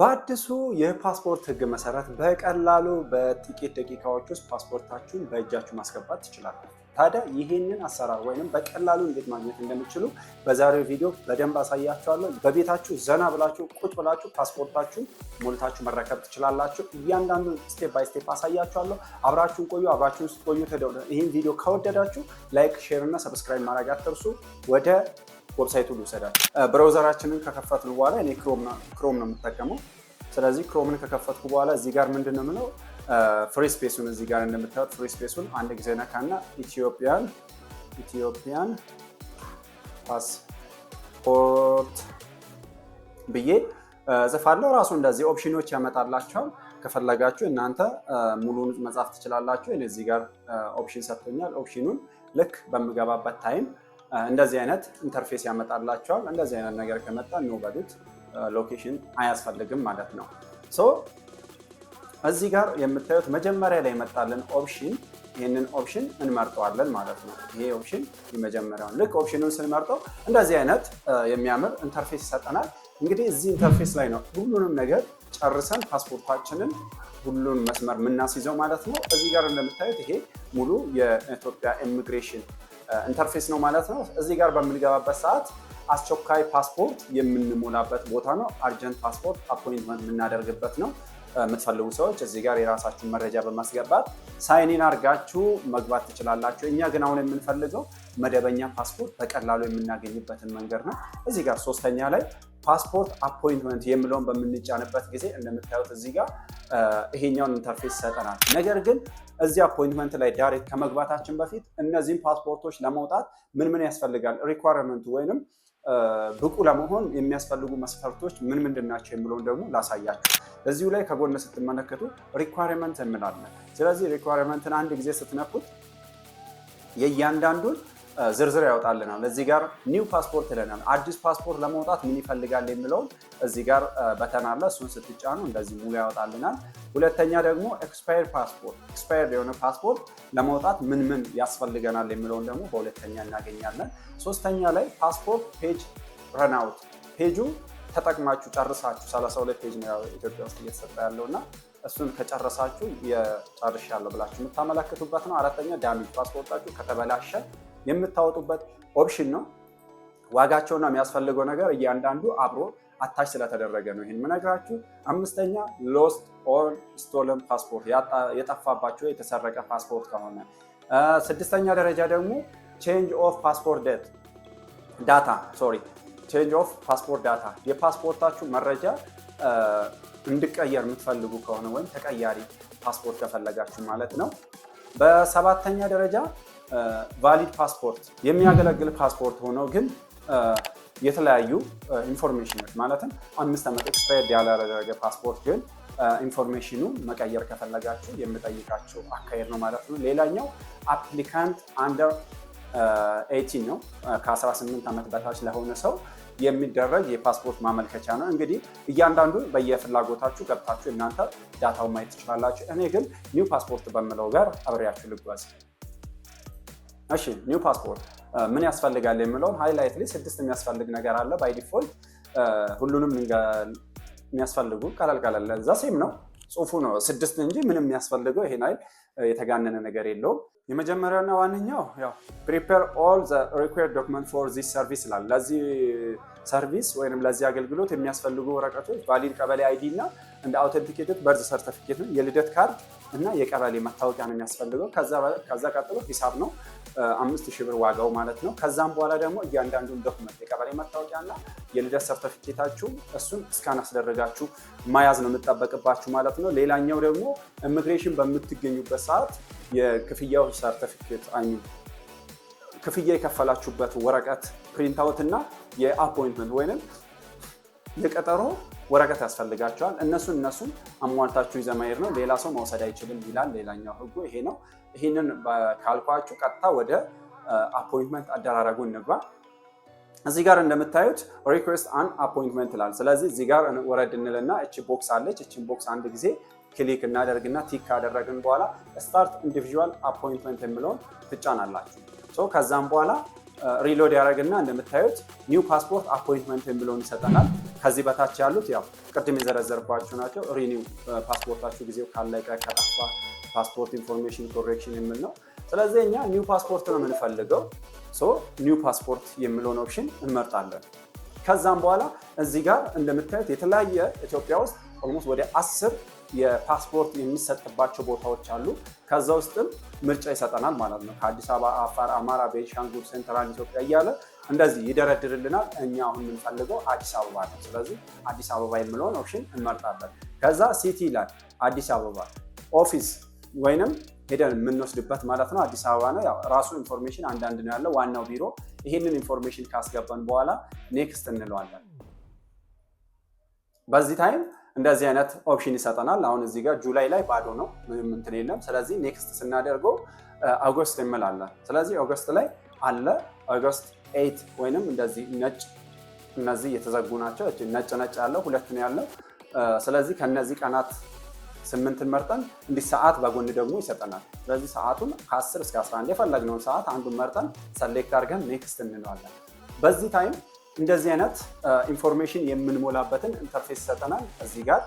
በአዲሱ የፓስፖርት ህግ መሰረት በቀላሉ በጥቂት ደቂቃዎች ውስጥ ፓስፖርታችሁን በእጃችሁ ማስገባት ትችላላችሁ። ታዲያ ይህንን አሰራር ወይም በቀላሉ እንዴት ማግኘት እንደሚችሉ በዛሬው ቪዲዮ በደንብ አሳያችኋለሁ። በቤታችሁ ዘና ብላችሁ ቁጭ ብላችሁ ፓስፖርታችሁን ሞልታችሁ መረከብ ትችላላችሁ። እያንዳንዱን ስቴፕ ባይ ስቴፕ አሳያችኋለሁ። አብራችሁን ቆዩ። አብራችሁን ስትቆዩ ይህን ቪዲዮ ከወደዳችሁ ላይክ፣ ሼር እና ሰብስክራይብ ማድረግ አትርሱ። ወደ ዌብሳይቱ ልውሰዳችሁ። ብራውዘራችንን ከከፈትን በኋላ እኔ ክሮም ነው የምጠቀመው። ስለዚህ ክሮምን ከከፈትኩ በኋላ እዚህ ጋር ምንድን ነው የምለው ፍሪ ስፔሱን እዚህ ጋር እንደምታዩት ፍሪ ስፔሱን አንድ ጊዜ ነካና ኢትዮጵያን ኢትዮጵያን ፓስፖርት ብዬ ጽፋለሁ። ራሱ እንደዚህ ኦፕሽኖች ያመጣላቸዋል። ከፈለጋችሁ እናንተ ሙሉን መጻፍ ትችላላችሁ። እዚህ ጋር ኦፕሽን ሰጥቶኛል። ኦፕሽኑን ልክ በምገባበት ታይም እንደዚህ አይነት ኢንተርፌስ ያመጣላቸዋል። እንደዚህ አይነት ነገር ከመጣ ኖ በሉት ሎኬሽን አያስፈልግም ማለት ነው። ሶ እዚህ ጋር የምታዩት መጀመሪያ ላይ የመጣልን ኦፕሽን ይህንን ኦፕሽን እንመርጠዋለን ማለት ነው። ይሄ ኦፕሽን የመጀመሪያውን ልክ ኦፕሽኑን ስንመርጠው እንደዚህ አይነት የሚያምር ኢንተርፌስ ይሰጠናል። እንግዲህ እዚህ ኢንተርፌስ ላይ ነው ሁሉንም ነገር ጨርሰን ፓስፖርታችንን ሁሉን መስመር የምናስይዘው ማለት ነው። እዚህ ጋር እንደምታዩት ይሄ ሙሉ የኢትዮጵያ ኢሚግሬሽን ኢንተርፌስ ነው ማለት ነው። እዚህ ጋር በምንገባበት ሰዓት አስቸኳይ ፓስፖርት የምንሞላበት ቦታ ነው። አርጀንት ፓስፖርት አፖይንትመንት የምናደርግበት ነው። የምትፈልጉ ሰዎች እዚህ ጋር የራሳችሁን መረጃ በማስገባት ሳይኒን አድርጋችሁ መግባት ትችላላችሁ። እኛ ግን አሁን የምንፈልገው መደበኛ ፓስፖርት በቀላሉ የምናገኝበትን መንገድ ነው። እዚህ ጋር ሶስተኛ ላይ ፓስፖርት አፖይንትመንት የምለውን በምንጫንበት ጊዜ እንደምታዩት እዚህ ጋር ይሄኛውን ኢንተርፌስ ሰጠናል። ነገር ግን እዚህ አፖይንትመንት ላይ ዳይሬክት ከመግባታችን በፊት እነዚህን ፓስፖርቶች ለማውጣት ምን ምን ያስፈልጋል፣ ሪኳርመንቱ ወይንም ብቁ ለመሆን የሚያስፈልጉ መስፈርቶች ምን ምንድን ናቸው የሚለውን ደግሞ ላሳያችሁ። እዚሁ ላይ ከጎን ስትመለከቱ ሪኳርመንት እንላለን። ስለዚህ ሪኳርመንትን አንድ ጊዜ ስትነኩት የእያንዳንዱን ዝርዝር ያወጣልናል። እዚህ ጋር ኒው ፓስፖርት ይለናል። አዲስ ፓስፖርት ለመውጣት ምን ይፈልጋል የሚለውን እዚህ ጋር በተናለ እሱን ስትጫኑ እንደዚህ ሙሉ ያወጣልናል። ሁለተኛ ደግሞ ኤክስፓየር ፓስፖርት፣ ኤክስፓየር የሆነ ፓስፖርት ለመውጣት ምን ምን ያስፈልገናል የሚለውን ደግሞ በሁለተኛ እናገኛለን። ሶስተኛ ላይ ፓስፖርት ፔጅ ረናውት ፔጁ ተጠቅማችሁ ጨርሳችሁ 32 ፔጅ ነው ኢትዮጵያ ውስጥ እየተሰጠ ያለው እና እሱን ከጨረሳችሁ የጨርሻለሁ ብላችሁ የምታመለክቱበት ነው። አራተኛ ዳሚጅ ፓስፖርታችሁ ከተበላሸ የምታወጡበት ኦፕሽን ነው። ዋጋቸውና የሚያስፈልገው ነገር እያንዳንዱ አብሮ አታች ስለተደረገ ነው ይህን የምነግራችሁ። አምስተኛ ሎስት ኦር ስቶለን ፓስፖርት የጠፋባቸው የተሰረቀ ፓስፖርት ከሆነ። ስድስተኛ ደረጃ ደግሞ ቼንጅ ኦፍ ፓስፖርት ዴት ዳታ ሶሪ ቼንጅ ኦፍ ፓስፖርት ዳታ የፓስፖርታችሁ መረጃ እንዲቀየር የምትፈልጉ ከሆነ ወይም ተቀያሪ ፓስፖርት ከፈለጋችሁ ማለት ነው። በሰባተኛ ደረጃ ቫሊድ ፓስፖርት የሚያገለግል ፓስፖርት ሆኖ ግን የተለያዩ ኢንፎርሜሽኖች ማለትም አምስት ዓመት ኤክስፓየርድ ያላደረገ ፓስፖርት ግን ኢንፎርሜሽኑ መቀየር ከፈለጋችሁ የምጠይቃችሁ አካሄድ ነው ማለት ነው። ሌላኛው አፕሊካንት አንደር ኤቲ ነው። ከ18 ዓመት በታች ለሆነ ሰው የሚደረግ የፓስፖርት ማመልከቻ ነው። እንግዲህ እያንዳንዱ በየፍላጎታችሁ ገብታችሁ እናንተ ዳታው ማየት ትችላላችሁ። እኔ ግን ኒው ፓስፖርት በምለው ጋር አብሬያችሁ ልጓዝ። እሺ ኒው ፓስፖርት ምን ያስፈልጋል የሚለውን ሃይላይት ላይ ስድስት የሚያስፈልግ ነገር አለ። ባይ ዲፎልት ሁሉንም የሚያስፈልጉ ቀላል ቀላል እዛ ሴም ነው ጽሁፉ ነው ስድስት እንጂ ምንም የሚያስፈልገው ይሄን አይል የተጋነነ ነገር የለውም። የመጀመሪያውና ዋነኛው ያው ፕሪፔር ኦል ዘ ሪኩዌርድ ዶክመንት ፎር ዚስ ሰርቪስ ይላል። ለዚህ ሰርቪስ ወይም ለዚህ አገልግሎት የሚያስፈልጉ ወረቀቶች ቫሊድ ቀበሌ አይዲ እና እንደ አውተንቲኬትድ በርዝ ሰርተፊኬት ነው፣ የልደት ካርድ እና የቀበሌ መታወቂያ ነው የሚያስፈልገው። ከዛ ቀጥሎ ሂሳብ ነው አምስት ሺህ ብር ዋጋው ማለት ነው። ከዛም በኋላ ደግሞ እያንዳንዱን ዶክመንት የቀበሌ መታወቂያና የልደት ሰርተፊኬታችሁ እሱን እስካን አስደረጋችሁ መያዝ ነው የምጠበቅባችሁ ማለት ነው። ሌላኛው ደግሞ ኢሚግሬሽን በምትገኙበት ሰዓት የክፍያው ሰርተፊኬት አይሚን ክፍያ የከፈላችሁበት ወረቀት ፕሪንታውት እና የአፖይንትመንት ወይንም የቀጠሮ ወረቀት ያስፈልጋቸዋል። እነሱ እነሱ አሟልታችሁ ይዘህ መሄድ ነው። ሌላ ሰው መውሰድ አይችልም ይላል ሌላኛው ህጉ ይሄ ነው። ይህንን ካልኳችሁ ቀጥታ ወደ አፖይንትመንት አደራረጉ እንግባ። እዚህ ጋር እንደምታዩት ሪኩዌስት አን አፖይንትመንት ይላል። ስለዚህ እዚህ ጋር ወረድ እንልና እቺ ቦክስ አለች። እችን ቦክስ አንድ ጊዜ ክሊክ እናደርግና ቲክ ካደረግን በኋላ ስታርት ኢንዲቪዥዋል አፖይንትመንት የሚለውን ትጫናላችሁ። ከዛም በኋላ ሪሎድ ያደረግና እንደምታዩት ኒው ፓስፖርት አፖይንትመንት የሚለውን ይሰጠናል። ከዚህ በታች ያሉት ያው ቅድም የዘረዘርባችሁ ናቸው። ሪኒው ፓስፖርታችሁ ጊዜው ካለቀ ከጠፋ ፓስፖርት ኢንፎርሜሽን ኮሬክሽን የሚል ነው። ስለዚህ እኛ ኒው ፓስፖርት ነው የምንፈልገው። ኒው ፓስፖርት የሚለውን ኦፕሽን እንመርጣለን። ከዛም በኋላ እዚህ ጋር እንደምታዩት የተለያየ ኢትዮጵያ ውስጥ ኦልሞስት ወደ አስር የፓስፖርት የሚሰጥባቸው ቦታዎች አሉ። ከዛ ውስጥም ምርጫ ይሰጠናል ማለት ነው። ከአዲስ አበባ፣ አፋር፣ አማራ፣ ቤንሻንጉል፣ ሴንትራል ኢትዮጵያ እያለ እንደዚህ ይደረድርልናል። እኛ አሁን የምንፈልገው አዲስ አበባ ነው። ስለዚህ አዲስ አበባ የምለውን ኦፕሽን እንመርጣለን። ከዛ ሲቲ ይላል አዲስ አበባ ኦፊስ ወይንም ሄደን የምንወስድበት ማለት ነው። አዲስ አበባ ነው ራሱ ኢንፎርሜሽን አንዳንድ ነው ያለው ዋናው ቢሮ። ይህንን ኢንፎርሜሽን ካስገባን በኋላ ኔክስት እንለዋለን። በዚህ ታይም እንደዚህ አይነት ኦፕሽን ይሰጠናል። አሁን እዚህ ጋር ጁላይ ላይ ባዶ ነው፣ ምንም እንትን የለም። ስለዚህ ኔክስት ስናደርገው ኦገስት እንላለን። ስለዚህ ኦገስት ላይ አለ ኦገስት ኤይት ወይንም እንደዚህ ነጭ፣ እነዚህ የተዘጉ ናቸው። ነጭ ነጭ ያለው ሁለት ነው ያለው። ስለዚህ ከነዚህ ቀናት ስምንትን መርጠን እንዲህ ሰዓት በጎን ደግሞ ይሰጠናል። ስለዚህ ሰዓቱን ከ10 እስከ 11 የፈለግነውን ሰዓት አንዱን መርጠን ሰሌክት አድርገን ኔክስት እንለዋለን። በዚህ ታይም እንደዚህ አይነት ኢንፎርሜሽን የምንሞላበትን ኢንተርፌስ ሰጠናል። እዚህ ጋር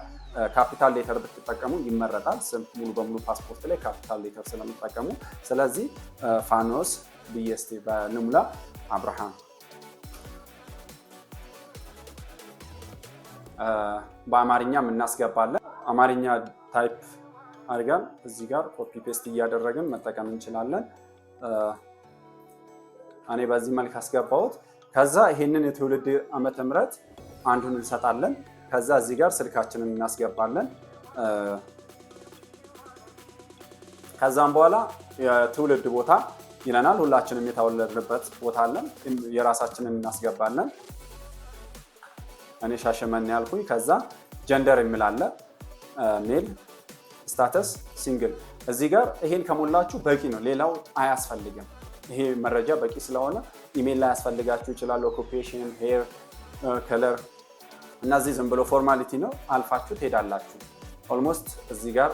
ካፒታል ሌተር ብትጠቀሙ ይመረጣል። ስም ሙሉ በሙሉ ፓስፖርት ላይ ካፒታል ሌተር ስለምጠቀሙ፣ ስለዚህ ፋኖስ ብዬስቴ በንሙላ አብርሃም በአማርኛም እናስገባለን። አማርኛ ታይፕ አድርገን እዚህ ጋር ኮፒ ፔስት እያደረግን መጠቀም እንችላለን። እኔ በዚህ መልክ አስገባሁት። ከዛ ይሄንን የትውልድ ዓመተ ምሕረት አንዱን እንሰጣለን። ከዛ እዚህ ጋር ስልካችንን እናስገባለን። ከዛም በኋላ የትውልድ ቦታ ይለናል። ሁላችንም የተወለድንበት ቦታ አለን። የራሳችንን እናስገባለን። እኔ ሻሸመኔ ያልኩኝ። ከዛ ጀንደር የሚላለ ሜል ስታተስ ሲንግል እዚህ ጋር ይሄን ከሞላችሁ በቂ ነው። ሌላው አያስፈልግም። ይሄ መረጃ በቂ ስለሆነ ኢሜይል ላይ ያስፈልጋችሁ ይችላል። ኦኩፔሽን፣ ሄር፣ ከለር እነዚህ ዝም ብሎ ፎርማሊቲ ነው። አልፋችሁ ትሄዳላችሁ። ኦልሞስት እዚህ ጋር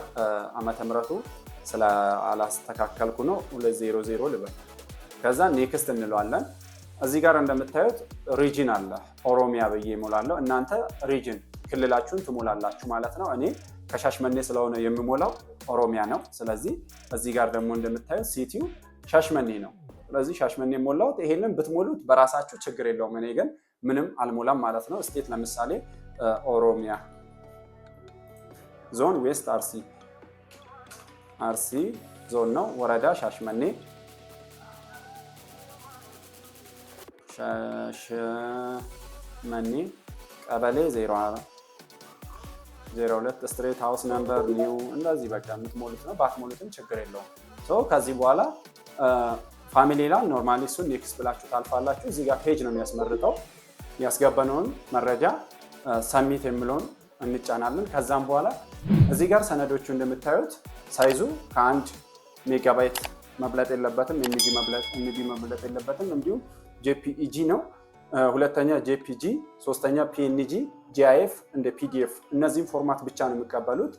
ዓመተ ምሕረቱ ስላላስተካከልኩ ነው ሁለት ልበል። ከዛ ኔክስት እንለዋለን። እዚህ ጋር እንደምታዩት ሪጅን አለ። ኦሮሚያ ብዬ እሞላለሁ። እናንተ ሪጅን ክልላችሁን ትሞላላችሁ ማለት ነው። እኔ ከሻሽመኔ ስለሆነ የምሞላው ኦሮሚያ ነው። ስለዚህ እዚህ ጋር ደግሞ እንደምታዩት ሲቲው ሻሽመኔ ነው። ስለዚህ ሻሽመኔ የሞላሁት ይሄንን ብትሞሉት በራሳችሁ ችግር የለውም። እኔ ግን ምንም አልሞላም ማለት ነው። ስቴት ለምሳሌ ኦሮሚያ ዞን ዌስት አርሲ አርሲ ዞን ነው። ወረዳ ሻሽመኔ ሻሽመኔ ቀበሌ 02 ስትሬት ሃውስ ነምበር ኒው እንደዚህ በቃ የምትሞሉት ነው። ባትሞሉትም ችግር የለውም። ከዚህ በኋላ ፋሚሊ ይላል። ኖርማሊ እሱን ኔክስት ብላችሁ ታልፋላችሁ። እዚህ ጋር ፔጅ ነው የሚያስመርጠው። ያስገባነውን መረጃ ሰሚት የሚለውን እንጫናለን። ከዛም በኋላ እዚህ ጋር ሰነዶቹ እንደምታዩት ሳይዙ ከአንድ ሜጋባይት መብለጥ የለበትም፣ ኤምቢ መብለጥ የለበትም። እንዲሁም ጄፒኢጂ ነው፣ ሁለተኛ ጄፒጂ፣ ሶስተኛ ፒኤንጂ፣ ጂአይኤፍ እንደ ፒዲኤፍ እነዚህም ፎርማት ብቻ ነው የሚቀበሉት።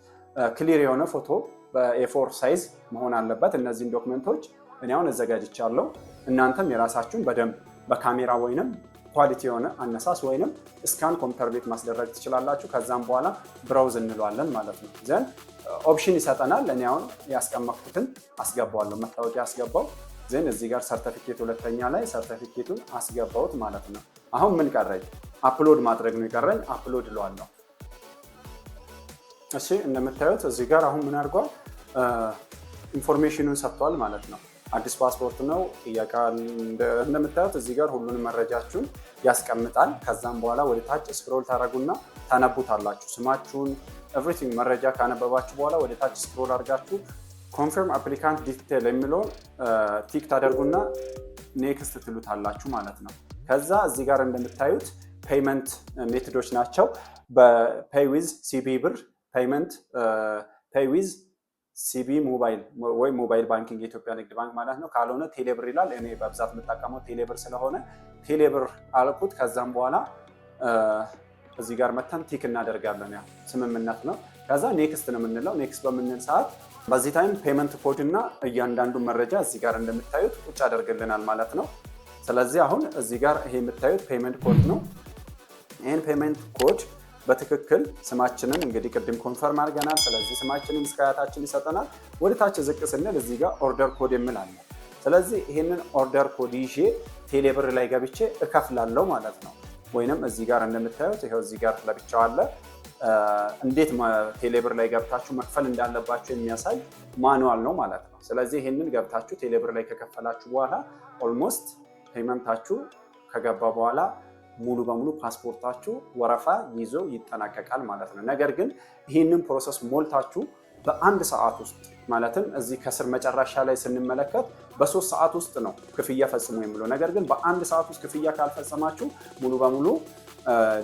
ክሊር የሆነ ፎቶ በኤፎር ሳይዝ መሆን አለበት እነዚህም ዶክመንቶች እኔ አሁን አዘጋጅቻለሁ። እናንተም የራሳችሁን በደንብ በካሜራ ወይንም ኳሊቲ የሆነ አነሳስ ወይንም እስካን ኮምፒውተር ቤት ማስደረግ ትችላላችሁ። ከዛም በኋላ ብራውዝ እንለዋለን ማለት ነው። ዘን ኦፕሽን ይሰጠናል። እኔ አሁን ያስቀመጥኩትን አስገባዋለሁ። መታወቂያ አስገባው ዜን እዚህ ጋር ሰርተፊኬት ሁለተኛ ላይ ሰርተፊኬቱን አስገባውት ማለት ነው። አሁን ምን ቀረኝ? አፕሎድ ማድረግ ነው የቀረኝ። አፕሎድ እለዋለሁ። እሺ እንደምታዩት እዚህ ጋር አሁን ምን አድርጓል? ኢንፎርሜሽኑን ሰጥቷል ማለት ነው። አዲስ ፓስፖርት ነው። ጥያቄ እንደምታዩት እዚህ ጋር ሁሉንም መረጃችሁን ያስቀምጣል። ከዛም በኋላ ወደ ታች ስክሮል ታደረጉና ታነቡታላችሁ። ስማችሁን ኤቭሪቲንግ መረጃ ካነበባችሁ በኋላ ወደ ታች ስክሮል አድርጋችሁ ኮንፊርም አፕሊካንት ዲቴል የሚለውን ቲክ ታደርጉና ኔክስት ትሉታላችሁ ማለት ነው። ከዛ እዚህ ጋር እንደምታዩት ፔይመንት ሜትዶች ናቸው። በፔይ ሲቢ ብር ፔይመንት ፔይ ሲቢ ሞባይል ወይ ሞባይል ባንኪንግ የኢትዮጵያ ንግድ ባንክ ማለት ነው። ካልሆነ ቴሌብር ይላል። እኔ በብዛት የምጠቀመው ቴሌብር ስለሆነ ቴሌብር አልኩት። ከዛም በኋላ እዚህ ጋር መተን ቲክ እናደርጋለን። ያው ስምምነት ነው። ከዛ ኔክስት ነው የምንለው። ኔክስት በምንል ሰዓት በዚህ ታይም ፔመንት ኮድ እና እያንዳንዱ መረጃ እዚህ ጋር እንደምታዩት ቁጭ አደርግልናል ማለት ነው። ስለዚህ አሁን እዚህ ጋር ይሄ የምታዩት ፔመንት ኮድ ነው። ይህን ፔመንት ኮድ በትክክል ስማችንን እንግዲህ ቅድም ኮንፈርም አድርገናል። ስለዚህ ስማችንን እስከ ይሰጠናል። ወደ ታች ዝቅ ስንል እዚህ ጋር ኦርደር ኮድ የሚል አለ። ስለዚህ ይህንን ኦርደር ኮድ ይዤ ቴሌብር ላይ ገብቼ እከፍላለሁ ማለት ነው። ወይንም እዚህ ጋር እንደምታዩት ይኸው እዚህ ጋር ለብቻው አለ። እንዴት ቴሌብር ላይ ገብታችሁ መክፈል እንዳለባችሁ የሚያሳይ ማኑዋል ነው ማለት ነው። ስለዚህ ይህንን ገብታችሁ ቴሌብር ላይ ከከፈላችሁ በኋላ ኦልሞስት ፔመንታችሁ ከገባ በኋላ ሙሉ በሙሉ ፓስፖርታችሁ ወረፋ ይዞ ይጠናቀቃል ማለት ነው። ነገር ግን ይህንን ፕሮሰስ ሞልታችሁ በአንድ ሰዓት ውስጥ ማለትም እዚህ ከስር መጨረሻ ላይ ስንመለከት በሶስት ሰዓት ውስጥ ነው ክፍያ ፈጽሙ የሚለው ነገር ግን በአንድ ሰዓት ውስጥ ክፍያ ካልፈጸማችሁ ሙሉ በሙሉ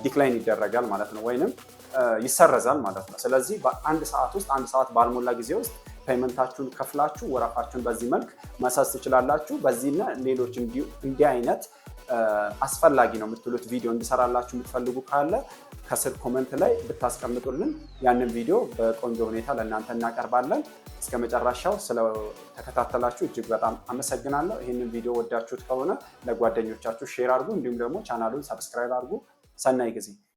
ዲክላይን ይደረጋል ማለት ነው፣ ወይንም ይሰረዛል ማለት ነው። ስለዚህ በአንድ ሰዓት ውስጥ አንድ ሰዓት ባልሞላ ጊዜ ውስጥ ፔመንታችሁን ከፍላችሁ ወረፋችሁን በዚህ መልክ መሰስ ትችላላችሁ። በዚህና ሌሎች እንዲህ አይነት አስፈላጊ ነው የምትሉት ቪዲዮ እንድሰራላችሁ የምትፈልጉ ካለ ከስር ኮመንት ላይ ብታስቀምጡልን ያንን ቪዲዮ በቆንጆ ሁኔታ ለእናንተ እናቀርባለን። እስከ መጨረሻው ስለተከታተላችሁ እጅግ በጣም አመሰግናለሁ። ይህንን ቪዲዮ ወዳችሁት ከሆነ ለጓደኞቻችሁ ሼር አድርጉ፣ እንዲሁም ደግሞ ቻናሉን ሰብስክራይብ አድርጉ። ሰናይ ጊዜ